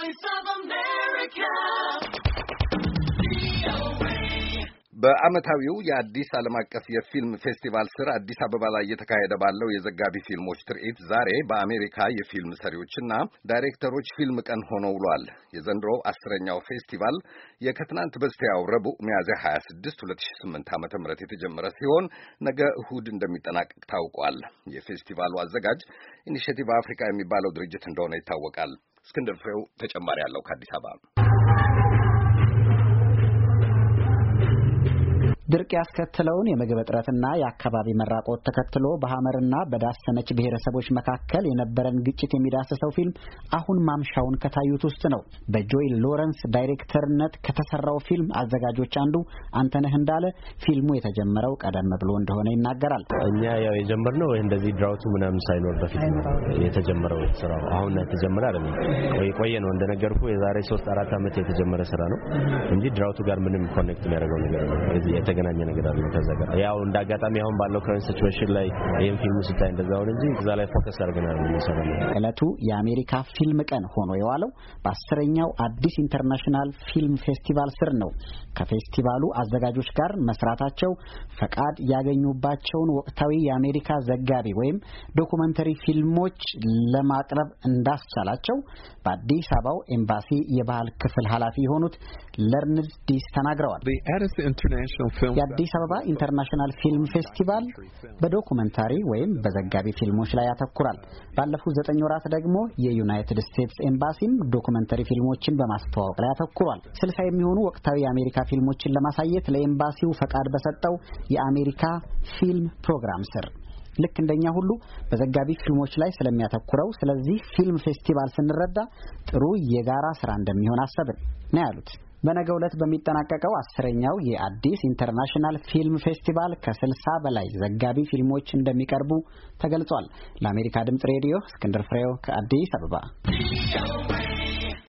Voice of America. በዓመታዊው የአዲስ ዓለም አቀፍ የፊልም ፌስቲቫል ስር አዲስ አበባ ላይ እየተካሄደ ባለው የዘጋቢ ፊልሞች ትርኢት ዛሬ በአሜሪካ የፊልም ሰሪዎችና ዳይሬክተሮች ፊልም ቀን ሆኖ ውሏል። የዘንድሮው አስረኛው ፌስቲቫል የከትናንት በስቲያው ረቡዕ ሚያዝያ 26 2008 ዓ ም የተጀመረ ሲሆን ነገ እሁድ እንደሚጠናቀቅ ታውቋል። የፌስቲቫሉ አዘጋጅ ኢኒሽቲቭ አፍሪካ የሚባለው ድርጅት እንደሆነ ይታወቃል። እስክንድር ፍሬው ተጨማሪ አለው ከአዲስ አበባ ድርቅ ያስከትለውን የምግብ እጥረትና የአካባቢ መራቆት ተከትሎ በሐመርና በዳሰነች ብሔረሰቦች መካከል የነበረን ግጭት የሚዳስሰው ፊልም አሁን ማምሻውን ከታዩት ውስጥ ነው። በጆይል ሎረንስ ዳይሬክተርነት ከተሰራው ፊልም አዘጋጆች አንዱ አንተነህ እንዳለ ፊልሙ የተጀመረው ቀደም ብሎ እንደሆነ ይናገራል። እኛ ያው የጀመርነው እንደዚህ ድራውቱ ምናምን ሳይኖር በፊት ነው የተጀመረው ስራ አሁን የተጀመረ አይደለም፣ ቆየ ነው እንደነገርኩ የዛሬ ሶስት አራት ዓመት የተጀመረ ስራ ነው እንጂ ድራውቱ ጋር ምንም ኮኔክት የሚያደርገው ነገር ነው የተገናኘ ነገር አለ ከዛ ጋር ያው እንዳጋጣሚ አሁን ባለው ከረንት ሲቹዌሽን ላይ ይህም ፊልም ስታይ እንደዛ አሁን እንጂ እዛ ላይ ፎከስ አድርገናል የሚሰራ እለቱ የአሜሪካ ፊልም ቀን ሆኖ የዋለው በአስረኛው አዲስ ኢንተርናሽናል ፊልም ፌስቲቫል ስር ነው። ከፌስቲቫሉ አዘጋጆች ጋር መስራታቸው ፈቃድ ያገኙባቸውን ወቅታዊ የአሜሪካ ዘጋቢ ወይም ዶኩመንተሪ ፊልሞች ለማቅረብ እንዳስቻላቸው በአዲስ አበባው ኤምባሲ የባህል ክፍል ኃላፊ የሆኑት ለርንዝ ዲስ ተናግረዋል። የአዲስ አበባ ኢንተርናሽናል ፊልም ፌስቲቫል በዶኩመንታሪ ወይም በዘጋቢ ፊልሞች ላይ ያተኩራል። ባለፉት ዘጠኝ ወራት ደግሞ የዩናይትድ ስቴትስ ኤምባሲም ዶኩመንታሪ ፊልሞችን በማስተዋወቅ ላይ ያተኩሯል። ስልሳ የሚሆኑ ወቅታዊ የአሜሪካ ፊልሞችን ለማሳየት ለኤምባሲው ፈቃድ በሰጠው የአሜሪካ ፊልም ፕሮግራም ስር ልክ እንደኛ ሁሉ በዘጋቢ ፊልሞች ላይ ስለሚያተኩረው ስለዚህ ፊልም ፌስቲቫል ስንረዳ ጥሩ የጋራ ስራ እንደሚሆን አሰብን ነው ያሉት በነገ ዕለት በሚጠናቀቀው አስረኛው የአዲስ ኢንተርናሽናል ፊልም ፌስቲቫል ከስልሳ በላይ ዘጋቢ ፊልሞች እንደሚቀርቡ ተገልጿል። ለአሜሪካ ድምጽ ሬዲዮ እስክንድር ፍሬው ከአዲስ አበባ